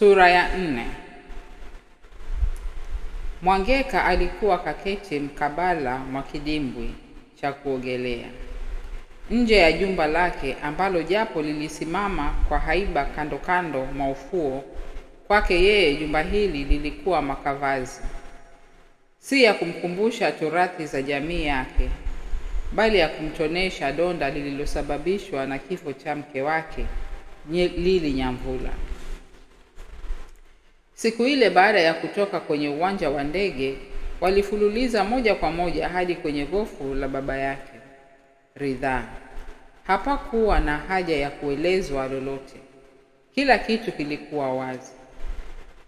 Sura ya nne. Mwangeka alikuwa kaketi mkabala mwa kidimbwi cha kuogelea nje ya jumba lake ambalo japo lilisimama kwa haiba kando kando mwa ufuo, kwake yeye jumba hili lilikuwa makavazi, si ya kumkumbusha torati za jamii yake, bali ya kumtonesha donda lililosababishwa na kifo cha mke wake Lili Nyamvula. Siku ile baada ya kutoka kwenye uwanja wa ndege, walifululiza moja kwa moja hadi kwenye gofu la baba yake Ridhaa. Hapakuwa na haja ya kuelezwa lolote, kila kitu kilikuwa wazi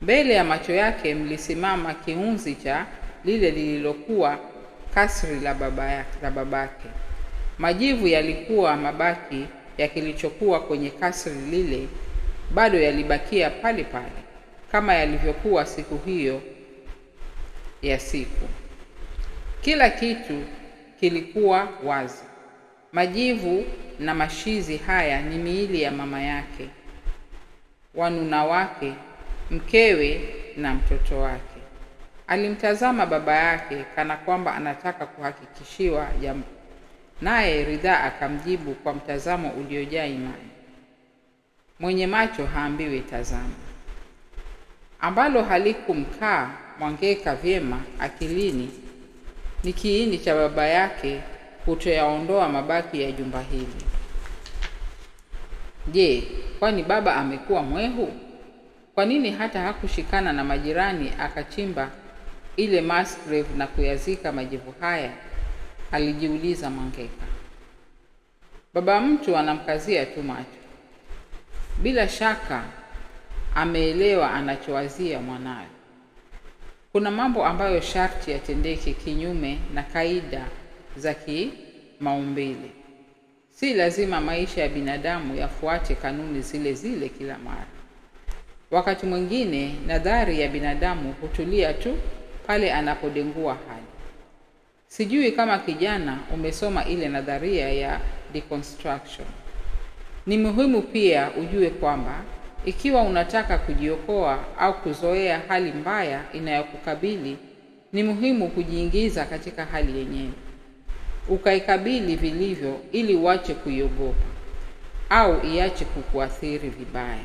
mbele ya macho yake. Mlisimama kiunzi cha lile lililokuwa kasri la baba la babake. Majivu yalikuwa mabaki ya kilichokuwa kwenye kasri lile, bado yalibakia pale pale kama yalivyokuwa siku hiyo ya siku. Kila kitu kilikuwa wazi. Majivu na mashizi haya ni miili ya mama yake, wanuna wake, mkewe na mtoto wake. Alimtazama baba yake kana kwamba anataka kuhakikishiwa jambo, naye Ridhaa akamjibu kwa mtazamo uliojaa imani. Mwenye macho haambiwi tazama ambalo halikumkaa Mwangeka vyema akilini ni kiini cha baba yake kutoyaondoa mabaki ya jumba hili. Je, kwani baba amekuwa mwehu? Kwa nini hata hakushikana na majirani akachimba ile mass grave na kuyazika majivu haya? Alijiuliza Mwangeka. Baba mtu anamkazia tu macho. Bila shaka ameelewa anachowazia mwanawe. Kuna mambo ambayo sharti yatendeke kinyume na kaida za kimaumbile. Si lazima maisha ya binadamu yafuate kanuni zile zile kila mara. Wakati mwingine nadhari ya binadamu hutulia tu pale anapodengua hali. Sijui kama kijana umesoma ile nadharia ya deconstruction. Ni muhimu pia ujue kwamba ikiwa unataka kujiokoa au kuzoea hali mbaya inayokukabili, ni muhimu kujiingiza katika hali yenyewe, ukaikabili vilivyo ili uache kuiogopa au iache kukuathiri vibaya.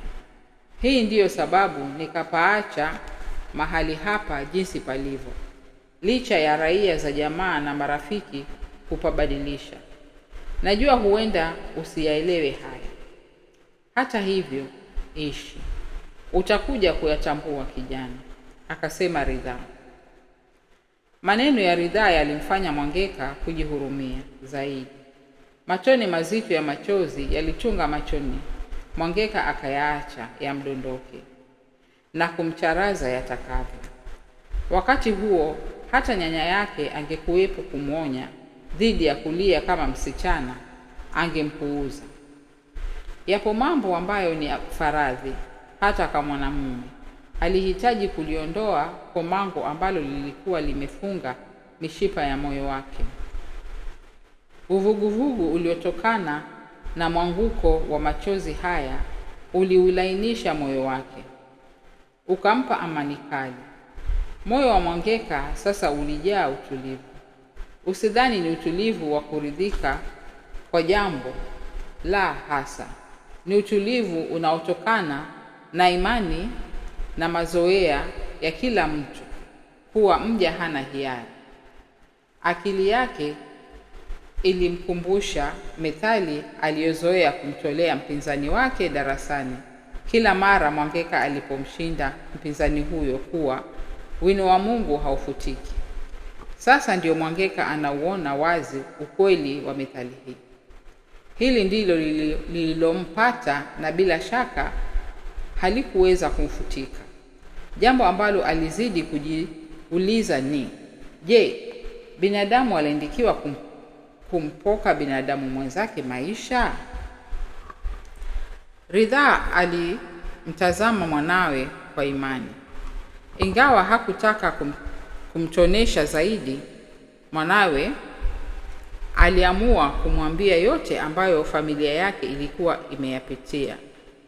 Hii ndiyo sababu nikapaacha mahali hapa jinsi palivyo, licha ya raia za jamaa na marafiki kupabadilisha. Najua huenda usiyaelewe haya. Hata hivyo ishi, utakuja kuyachambua kijana, akasema ridhaa. Maneno ya ridhaa yalimfanya Mwangeka kujihurumia zaidi. machoni mazito ya machozi yalichunga machoni, Mwangeka akayaacha yamdondoke na kumcharaza yatakavyo. Wakati huo hata nyanya yake angekuwepo kumwonya dhidi ya kulia kama msichana, angempuuza. Yapo mambo ambayo ni faradhi hata kwa mwanamume. Alihitaji kuliondoa komango ambalo lilikuwa limefunga mishipa ya moyo wake. Uvuguvugu uliotokana na mwanguko wa machozi haya uliulainisha moyo wake, ukampa amani kali. Moyo wa Mwangeka sasa ulijaa utulivu. Usidhani ni utulivu wa kuridhika kwa jambo la hasa ni utulivu unaotokana na imani na mazoea ya kila mtu kuwa mja hana hiari. Akili yake ilimkumbusha methali aliyozoea kumtolea mpinzani wake darasani kila mara Mwangeka alipomshinda mpinzani huyo kuwa wino wa Mungu haufutiki. Sasa ndiyo Mwangeka anauona wazi ukweli wa methali hii. Hili ndilo lililompata na bila shaka halikuweza kumfutika. Jambo ambalo alizidi kujiuliza ni je, binadamu aliandikiwa kum, kumpoka binadamu mwenzake maisha? Ridhaa alimtazama mwanawe kwa imani, ingawa hakutaka kum, kumtonesha zaidi mwanawe aliamua kumwambia yote ambayo familia yake ilikuwa imeyapitia.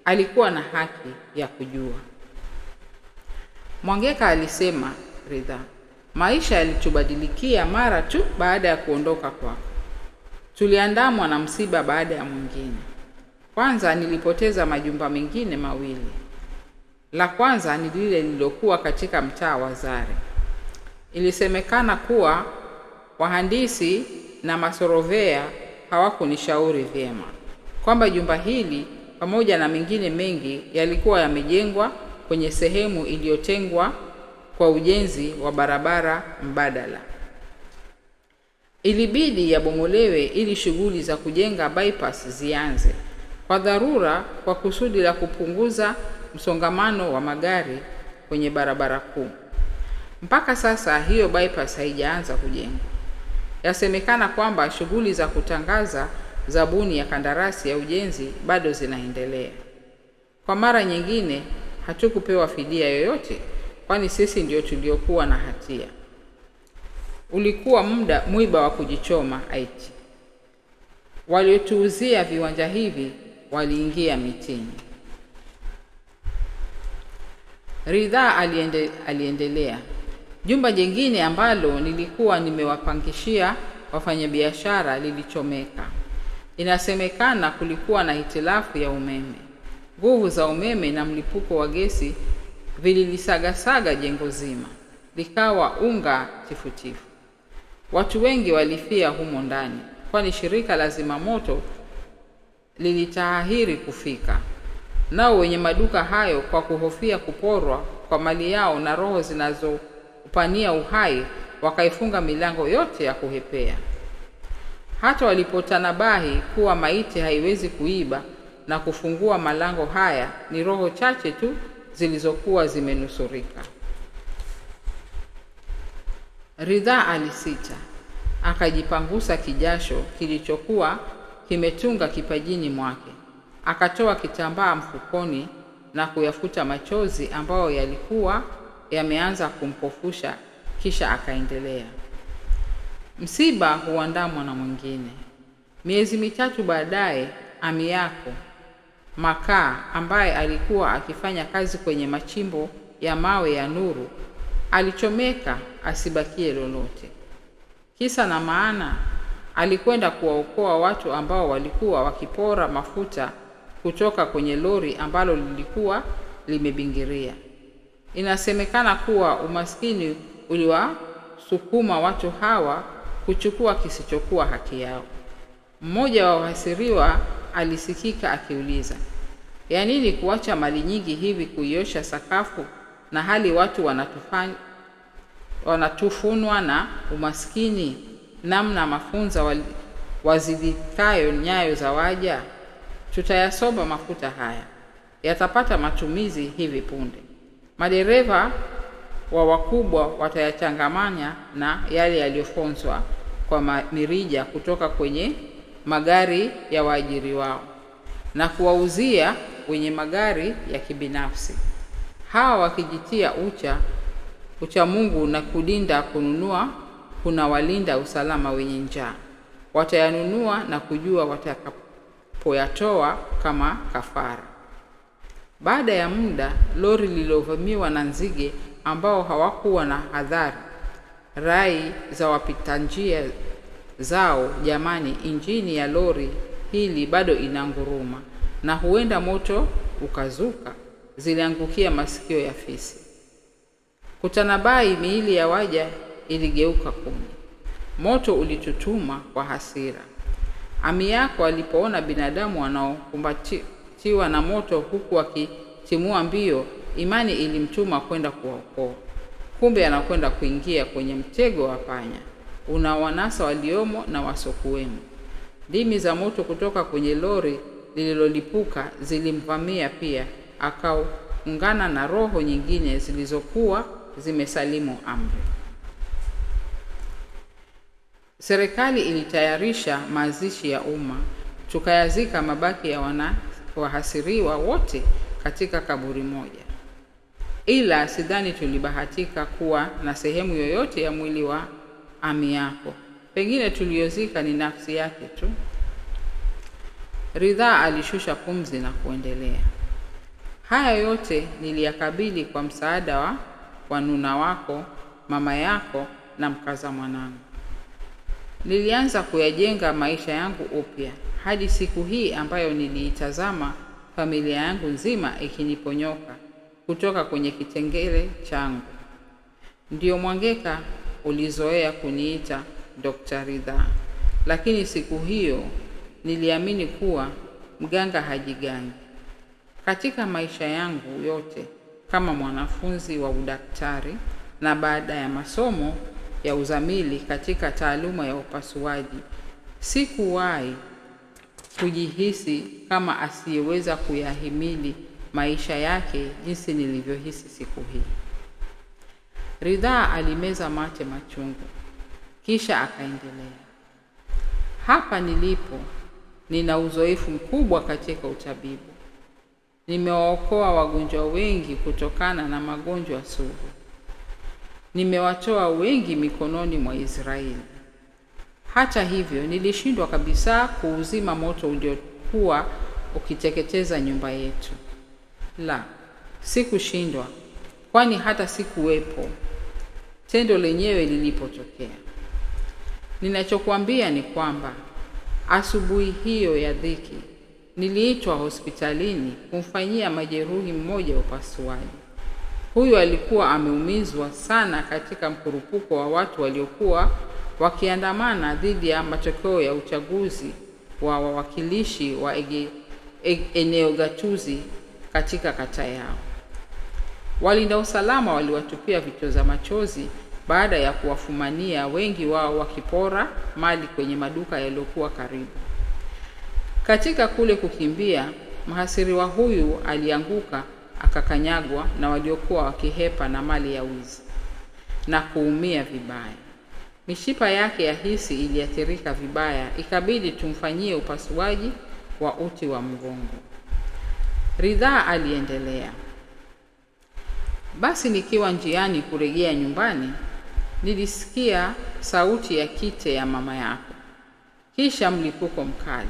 Alikuwa na haki ya kujua. Mwangeka alisema, Ridhaa, maisha yalitubadilikia mara tu baada ya kuondoka kwako. Tuliandamwa na msiba baada ya mwingine. Kwanza nilipoteza majumba mengine mawili. La kwanza ni lile lililokuwa katika mtaa wa Zare. Ilisemekana kuwa wahandisi na masorovea hawakunishauri vyema kwamba jumba hili pamoja na mengine mengi yalikuwa yamejengwa kwenye sehemu iliyotengwa kwa ujenzi wa barabara mbadala. Ilibidi yabomolewe ili shughuli za kujenga bypass zianze kwa dharura, kwa kusudi la kupunguza msongamano wa magari kwenye barabara kuu. Mpaka sasa hiyo bypass haijaanza kujengwa. Yasemekana kwamba shughuli za kutangaza zabuni ya kandarasi ya ujenzi bado zinaendelea. Kwa mara nyingine, hatukupewa fidia yoyote, kwani sisi ndio tuliokuwa na hatia. Ulikuwa muda mwiba wa kujichoma aiti. Waliotuuzia viwanja hivi waliingia mitini. Ridhaa aliende, aliendelea Jumba jingine ambalo nilikuwa nimewapangishia wafanyabiashara lilichomeka. Inasemekana kulikuwa na hitilafu ya umeme. Nguvu za umeme na mlipuko wa gesi vililisagasaga jengo zima, likawa unga tifutifu. Watu wengi walifia humo ndani, kwani shirika la zimamoto lilitahiri kufika. Nao wenye maduka hayo, kwa kuhofia kuporwa kwa mali yao na roho zinazo kupania uhai, wakaifunga milango yote ya kuhepea. Hata walipotanabahi kuwa maiti haiwezi kuiba na kufungua malango haya, ni roho chache tu zilizokuwa zimenusurika. Ridhaa alisita, akajipangusa kijasho kilichokuwa kimetunga kipajini mwake, akatoa kitambaa mfukoni na kuyafuta machozi ambayo yalikuwa yameanza kumpofusha, kisha akaendelea, msiba huandaa mwana mwingine. Miezi mitatu baadaye, ami yako Makaa ambaye alikuwa akifanya kazi kwenye machimbo ya mawe ya Nuru alichomeka asibakie lolote. Kisa na maana, alikwenda kuwaokoa watu ambao walikuwa wakipora mafuta kutoka kwenye lori ambalo lilikuwa limebingiria. Inasemekana kuwa umaskini uliwasukuma watu hawa kuchukua kisichokuwa haki yao. Mmoja wa wahasiriwa alisikika akiuliza, ya nini kuacha mali nyingi hivi kuiosha sakafu na hali watu wanatufunwa na umaskini namna mafunza wazidikayo nyayo za waja. Tutayasoma mafuta haya, yatapata matumizi hivi punde. Madereva wa wakubwa watayachangamanya na yale yaliyofonzwa kwa mirija kutoka kwenye magari ya waajiri wao na kuwauzia wenye magari ya kibinafsi. Hawa wakijitia ucha ucha Mungu na kulinda kununua, kuna walinda usalama wenye njaa, watayanunua na kujua watakapoyatoa kama kafara. Baada ya muda, lori lililovamiwa na nzige ambao hawakuwa na hadhari, rai za wapita njia zao, jamani, injini ya lori hili bado inanguruma na huenda moto ukazuka, ziliangukia masikio ya fisi. Kutanabai miili ya waja iligeuka kumi. Moto ulitutuma kwa hasira. Ami yako alipoona binadamu wanaokumbati kutiwa na moto huku wakitimua mbio, imani ilimtuma kwenda kuwaokoa. Kumbe anakwenda kuingia kwenye mtego wa panya unawanasa waliomo na wasokuwemo. Ndimi za moto kutoka kwenye lori lililolipuka zilimvamia pia, akaungana na roho nyingine zilizokuwa zimesalimu amri. Serikali ilitayarisha mazishi ya umma, tukayazika mabaki ya wana wahasiriwa wote katika kaburi moja, ila sidhani tulibahatika kuwa na sehemu yoyote ya mwili wa ami yako. Pengine tuliyozika ni nafsi yake tu. Ridhaa alishusha pumzi na kuendelea, haya yote niliyakabili kwa msaada wa wanuna wako, mama yako na mkaza mwanangu. Nilianza kuyajenga maisha yangu upya hadi siku hii ambayo niliitazama familia yangu nzima ikiniponyoka kutoka kwenye kitengele changu. Ndiyo Mwangeka ulizoea kuniita Dr. Ridhaa, lakini siku hiyo niliamini kuwa mganga hajigangi. Katika maisha yangu yote kama mwanafunzi wa udaktari na baada ya masomo ya uzamili katika taaluma ya upasuaji, sikuwahi kujihisi kama asiyeweza kuyahimili maisha yake jinsi nilivyohisi siku hii. Ridhaa alimeza mate machungu, kisha akaendelea, hapa nilipo nina uzoefu mkubwa katika utabibu. Nimewaokoa wagonjwa wengi kutokana na magonjwa sugu. Nimewatoa wengi mikononi mwa Israeli. Hata hivyo, nilishindwa kabisa kuuzima moto uliokuwa ukiteketeza nyumba yetu. La, sikushindwa, kwani hata sikuwepo. Tendo lenyewe lilipotokea, ninachokuambia ni kwamba asubuhi hiyo ya dhiki niliitwa hospitalini kumfanyia majeruhi mmoja upasuaji. Huyo alikuwa ameumizwa sana katika mkurupuko wa watu waliokuwa wakiandamana dhidi ya matokeo ya uchaguzi wa wawakilishi wa ege, e, eneo gatuzi katika kata yao. Walinda usalama waliwatupia vichoza za machozi baada ya kuwafumania, wengi wao wakipora mali kwenye maduka yaliyokuwa karibu. Katika kule kukimbia, mhasiriwa huyu alianguka akakanyagwa na waliokuwa wakihepa na mali ya wizi na kuumia vibaya. Mishipa yake ya hisi iliathirika vibaya, ikabidi tumfanyie upasuaji wa uti wa mgongo. Ridhaa aliendelea. Basi nikiwa njiani kurejea nyumbani, nilisikia sauti ya kite ya mama yako, kisha mlipuko mkali.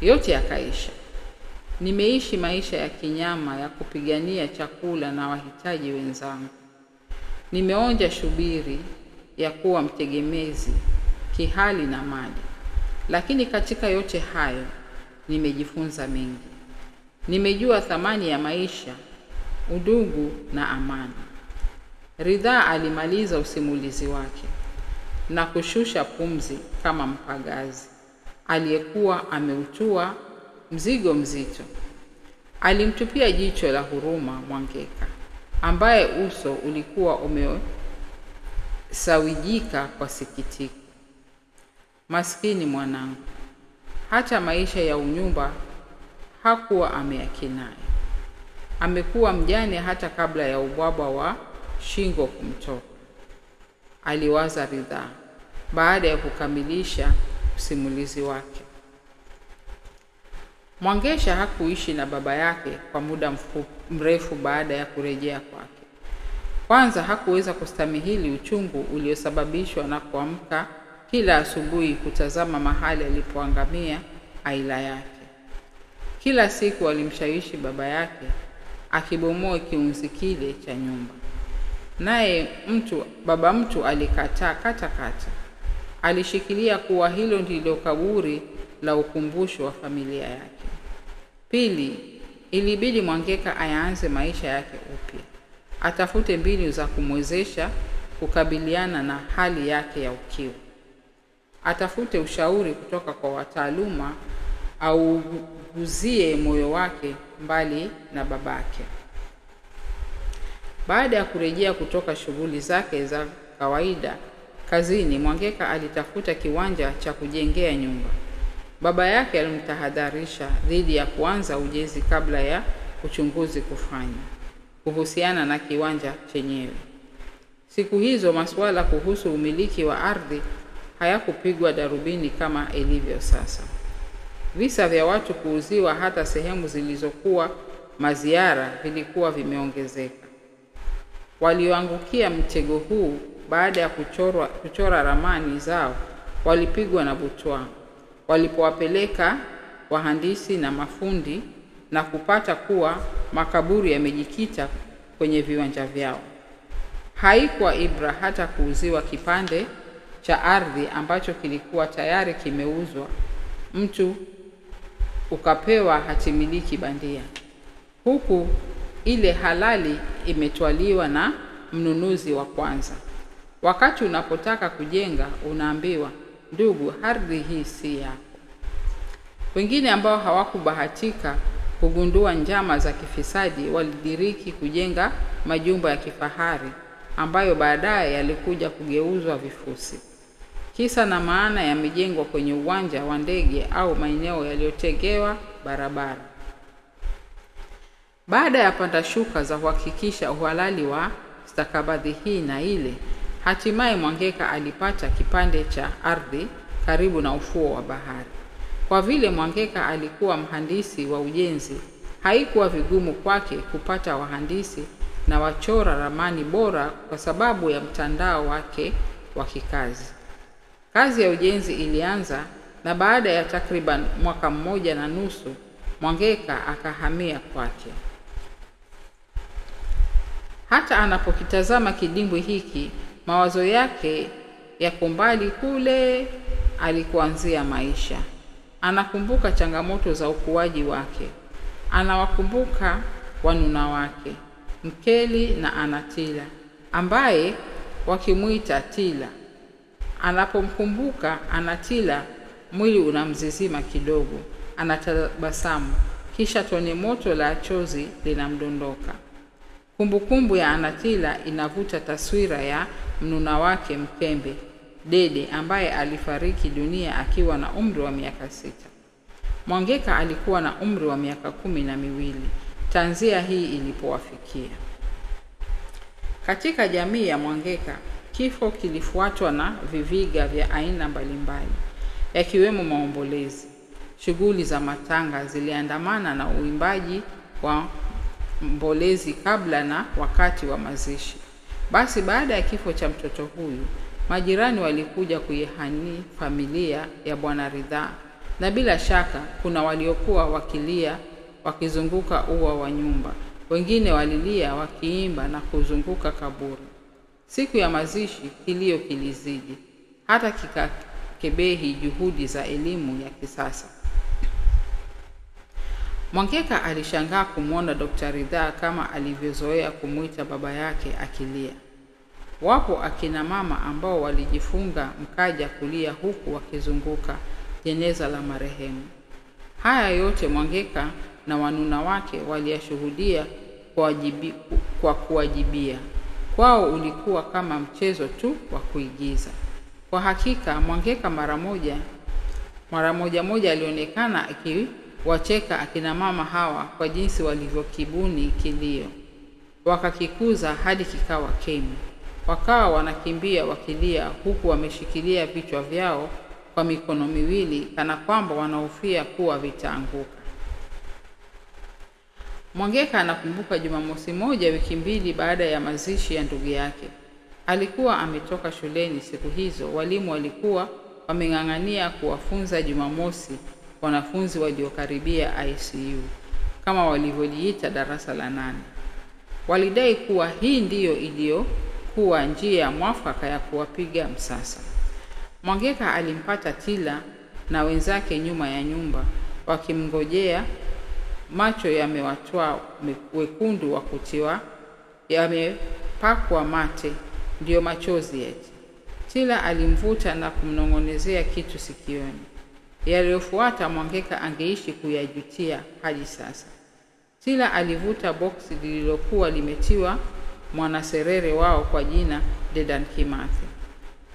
Yote yakaisha. Nimeishi maisha ya kinyama ya kupigania chakula na wahitaji wenzangu. Nimeonja shubiri ya kuwa mtegemezi kihali na mali. Lakini katika yote hayo nimejifunza mengi. Nimejua thamani ya maisha, udugu na amani. Ridhaa alimaliza usimulizi wake na kushusha pumzi kama mpagazi aliyekuwa ameutua mzigo mzito. Alimtupia jicho la huruma Mwangeka ambaye uso ulikuwa ume sawijika kwa sikitiko. Maskini mwanangu, hata maisha ya unyumba hakuwa ameyakinai. Amekuwa mjane hata kabla ya ubwabwa wa shingo kumtoka, aliwaza Ridhaa baada ya kukamilisha usimulizi wake. Mwangesha hakuishi na baba yake kwa muda mrefu baada ya kurejea kwake. Kwanza hakuweza kustamihili uchungu uliosababishwa na kuamka kila asubuhi kutazama mahali alipoangamia aila yake. Kila siku alimshawishi baba yake akibomoe kiunzi kile cha nyumba, naye mtu baba mtu alikataa kata kata. Alishikilia kuwa hilo ndilo kaburi la ukumbusho wa familia yake. Pili, ilibidi Mwangeka ayaanze maisha yake upya atafute mbinu za kumwezesha kukabiliana na hali yake ya UKIMWI. Atafute ushauri kutoka kwa wataaluma au guzie moyo wake mbali na babake. Baada ya kurejea kutoka shughuli zake za kawaida kazini, Mwangeka alitafuta kiwanja cha kujengea nyumba. Baba yake alimtahadharisha dhidi ya kuanza ujenzi kabla ya uchunguzi kufanywa kuhusiana na kiwanja chenyewe. Siku hizo masuala kuhusu umiliki wa ardhi hayakupigwa darubini kama ilivyo sasa. Visa vya watu kuuziwa hata sehemu zilizokuwa maziara vilikuwa vimeongezeka. Walioangukia mtego huu baada ya kuchorwa, kuchora ramani zao walipigwa na butwa walipowapeleka wahandisi na mafundi na kupata kuwa makaburi yamejikita kwenye viwanja vyao. Haikuwa Ibra hata kuuziwa kipande cha ardhi ambacho kilikuwa tayari kimeuzwa, mtu ukapewa hatimiliki bandia, huku ile halali imetwaliwa na mnunuzi wa kwanza. Wakati unapotaka kujenga, unaambiwa ndugu, ardhi hii si yako. Wengine ambao hawakubahatika kugundua njama za kifisadi, walidiriki kujenga majumba ya kifahari ambayo baadaye yalikuja kugeuzwa vifusi. Kisa na maana yamejengwa kwenye uwanja wa ndege au maeneo yaliyotengewa barabara. Baada ya panda shuka za kuhakikisha uhalali wa stakabadhi hii na ile, hatimaye Mwangeka alipata kipande cha ardhi karibu na ufuo wa bahari. Kwa vile Mwangeka alikuwa mhandisi wa ujenzi, haikuwa vigumu kwake kupata wahandisi na wachora ramani bora kwa sababu ya mtandao wake wa kikazi. Kazi ya ujenzi ilianza na baada ya takriban mwaka mmoja na nusu Mwangeka akahamia kwake. Hata anapokitazama kidimbwi hiki, mawazo yake yako mbali kule alikuanzia maisha. Anakumbuka changamoto za ukuaji wake, anawakumbuka wanuna wake Mkeli na Anatila ambaye wakimwita Tila. Anapomkumbuka Anatila, mwili unamzizima kidogo, anatabasamu, kisha tone moto la chozi linamdondoka. Kumbukumbu ya Anatila inavuta taswira ya mnuna wake Mkembe Dede ambaye alifariki dunia akiwa na umri wa miaka sita. Mwangeka alikuwa na umri wa miaka kumi na miwili tanzia hii ilipowafikia. Katika jamii ya Mwangeka, kifo kilifuatwa na viviga vya aina mbalimbali, yakiwemo maombolezi. Shughuli za matanga ziliandamana na uimbaji wa mbolezi kabla na wakati wa mazishi. Basi baada ya kifo cha mtoto huyu Majirani walikuja kuihani familia ya Bwana Ridhaa, na bila shaka kuna waliokuwa wakilia wakizunguka ua wa nyumba, wengine walilia wakiimba na kuzunguka kaburi. Siku ya mazishi kilio kilizidi, hata kikakebehi juhudi za elimu ya kisasa. Mwangeka alishangaa kumwona Dr. Ridhaa kama alivyozoea kumwita baba yake akilia. Wapo akina mama ambao walijifunga mkaja kulia huku wakizunguka jeneza la marehemu. Haya yote Mwangeka na wanuna wake waliyashuhudia kwa kuwajibia. Kwao ulikuwa kama mchezo tu wa kuigiza. Kwa hakika Mwangeka mara moja mara moja moja alionekana akiwacheka akina mama hawa kwa jinsi walivyokibuni kilio, wakakikuza hadi kikawa kemi wakawa wanakimbia wakilia, huku wameshikilia vichwa vyao kwa mikono miwili, kana kwamba wanahofia kuwa vitaanguka. Mwangeka anakumbuka Jumamosi moja wiki mbili baada ya mazishi ya ndugu yake. Alikuwa ametoka shuleni siku hizo, walimu walikuwa wameng'ang'ania kuwafunza Jumamosi wanafunzi waliokaribia ICU kama walivyojiita darasa la nane. Walidai kuwa hii ndiyo iliyo kuwa njia mwafaka ya kuwapiga msasa. Mwangeka alimpata Tila na wenzake nyuma ya nyumba wakimngojea, macho yamewatoa wekundu wa kutiwa, yamepakwa mate, ndiyo machozi eti. Tila alimvuta na kumnong'onezea kitu sikioni. Yaliyofuata Mwangeka angeishi kuyajutia hadi sasa. Tila alivuta boksi lililokuwa limetiwa mwanaserere wao kwa jina Dedan Kimathi.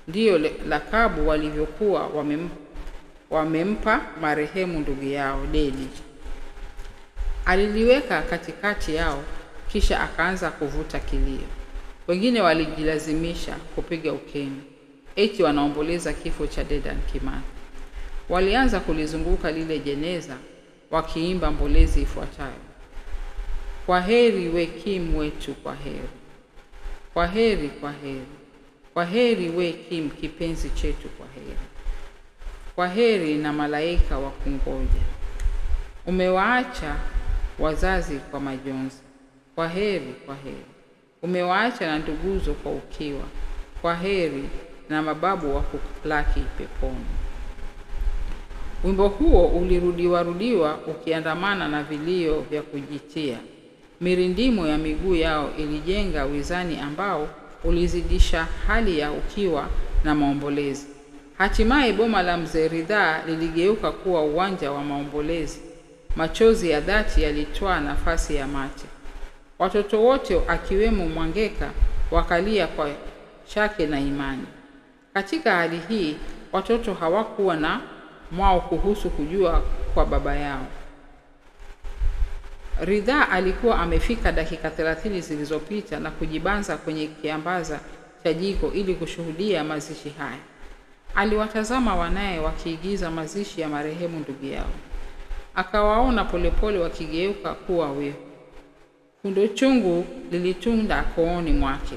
Ndiyo lakabu walivyokuwa wamempa, wamempa marehemu ndugu yao Dedi. Aliliweka katikati yao, kisha akaanza kuvuta kilio. Wengine walijilazimisha kupiga ukeni, eti wanaomboleza kifo cha Dedan Kimathi. Walianza kulizunguka lile jeneza wakiimba mbolezi ifuatayo: kwa heri wekimu wetu, kwa heri kwa heri, kwa heri, kwa heri we Kim, kipenzi chetu, kwa heri, kwa heri na malaika wa kungoja. Umewaacha wazazi kwa majonzi, kwa heri, kwa heri, umewaacha na nduguzo kwa ukiwa, kwa heri na mababu wa kuplaki peponi. Wimbo huo ulirudiwarudiwa ukiandamana na vilio vya kujitia. Mirindimo ya miguu yao ilijenga wizani ambao ulizidisha hali ya ukiwa na maombolezi. Hatimaye boma la mzee Ridhaa liligeuka kuwa uwanja wa maombolezi. Machozi ya dhati yalitwaa nafasi ya mate. Watoto wote akiwemo Mwangeka wakalia kwa chake na imani. Katika hali hii, watoto hawakuwa na mwao kuhusu kujua kwa baba yao. Ridhaa alikuwa amefika dakika thelathini zilizopita na kujibanza kwenye kiambaza cha jiko ili kushuhudia mazishi haya. Aliwatazama wanaye wakiigiza mazishi ya marehemu ndugu yao, akawaona polepole wakigeuka kuwa wivu. kundo chungu lilitunda kooni mwake,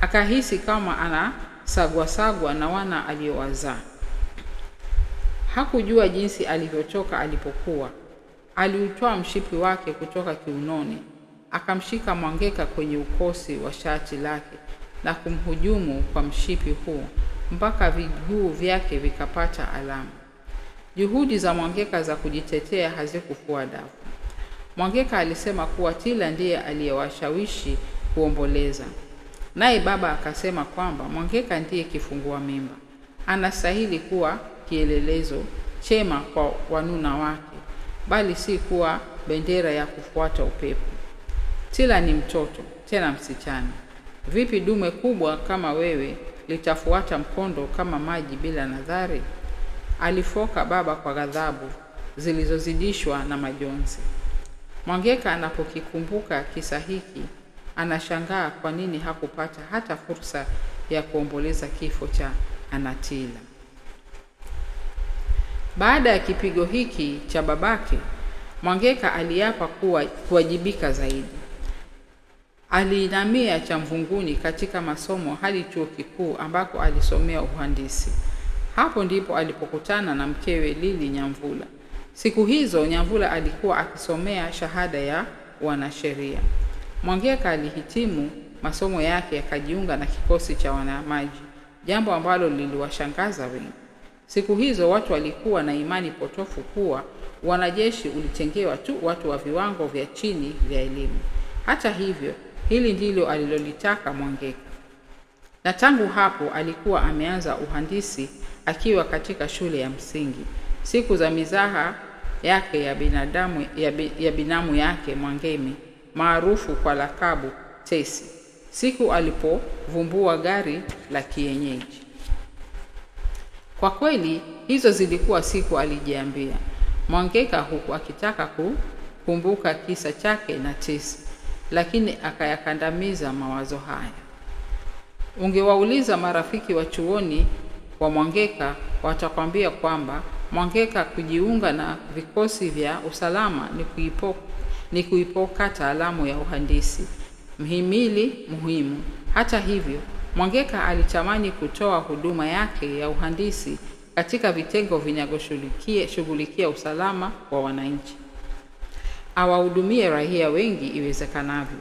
akahisi kama anasagwasagwa na wana aliyowazaa Hakujua jinsi alivyochoka alipokuwa Aliutoa mshipi wake kutoka kiunoni, akamshika Mwangeka kwenye ukosi wa shati lake na kumhujumu kwa mshipi huo mpaka viguu vyake vikapata alama. Juhudi za Mwangeka za kujitetea hazikufua dafu. Mwangeka alisema kuwa Tila ndiye aliyewashawishi kuomboleza, naye baba akasema kwamba Mwangeka ndiye kifungua mimba, anastahili kuwa kielelezo chema kwa wanuna wake bali si kuwa bendera ya kufuata upepo. Tila ni mtoto, tena msichana. Vipi dume kubwa kama wewe litafuata mkondo kama maji bila nadhari? Alifoka baba kwa ghadhabu zilizozidishwa na majonzi. Mwangeka anapokikumbuka kisa hiki anashangaa kwa nini hakupata hata fursa ya kuomboleza kifo cha Anatila. Baada ya kipigo hiki cha babake, Mwangeka aliapa kuwa kuwajibika zaidi. alinamia Chamvunguni katika masomo hadi chuo kikuu ambako alisomea uhandisi. Hapo ndipo alipokutana na mkewe Lili Nyamvula. Siku hizo Nyamvula alikuwa akisomea shahada ya wanasheria. Mwangeka alihitimu masomo yake, yakajiunga na kikosi cha wanamaji, jambo ambalo liliwashangaza wengi. Siku hizo watu walikuwa na imani potofu kuwa wanajeshi ulitengewa tu watu wa viwango vya chini vya elimu. Hata hivyo, hili ndilo alilolitaka Mwangeka, na tangu hapo alikuwa ameanza uhandisi akiwa katika shule ya msingi. Siku za mizaha yake ya binadamu ya, bi, ya binamu yake Mwangemi maarufu kwa lakabu Tesi, siku alipovumbua gari la kienyeji kwa kweli hizo zilikuwa siku, alijiambia Mwangeka huku akitaka kukumbuka kisa chake na Tisi, lakini akayakandamiza mawazo haya. Ungewauliza marafiki wa chuoni wa Mwangeka watakwambia kwamba Mwangeka kujiunga na vikosi vya usalama ni kuipo ni kuipoka taalamu ya uhandisi, mhimili muhimu. Hata hivyo Mwangeka alitamani kutoa huduma yake ya uhandisi katika vitengo vinavyoshughulikia usalama wa wananchi, awahudumie raia wengi iwezekanavyo.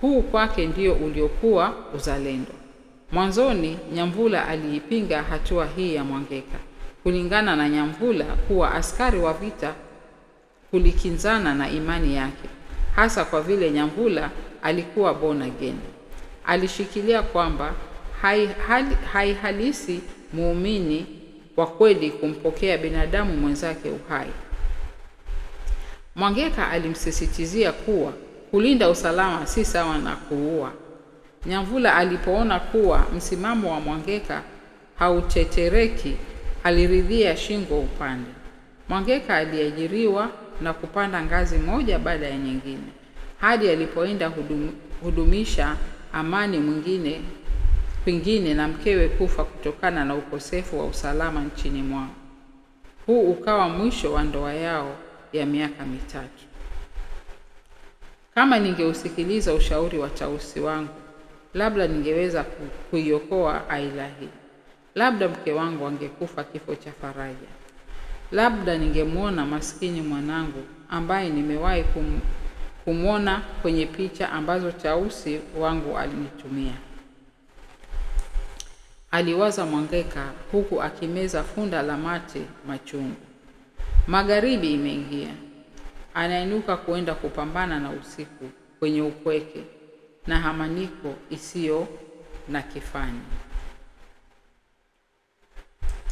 Huu kwake ndio uliokuwa uzalendo. Mwanzoni Nyamvula aliipinga hatua hii ya Mwangeka. Kulingana na Nyamvula, kuwa askari wa vita kulikinzana na imani yake, hasa kwa vile Nyamvula alikuwa born again. Alishikilia kwamba haihalisi hai muumini wa kweli kumpokea binadamu mwenzake uhai. Mwangeka alimsisitizia kuwa kulinda usalama si sawa na kuua. Nyamvula alipoona kuwa msimamo wa Mwangeka hautetereki, aliridhia shingo upande. Mwangeka aliajiriwa na kupanda ngazi moja baada ya nyingine hadi alipoenda hudum, hudumisha Amani mwingine kwingine na mkewe kufa kutokana na ukosefu wa usalama nchini mwao. Huu ukawa mwisho wa ndoa yao ya miaka mitatu. Kama ningeusikiliza ushauri wa tausi wangu, labda ningeweza kuiokoa aila hii. Labda mke wangu angekufa kifo cha faraja. Labda ningemwona maskini mwanangu ambaye nimewahi kum, kumwona kwenye picha ambazo Tausi wangu alinitumia. Aliwaza Mwangeka huku akimeza funda la mate machungu. Magharibi imeingia, anainuka kuenda kupambana na usiku kwenye upweke na hamaniko isiyo na kifani.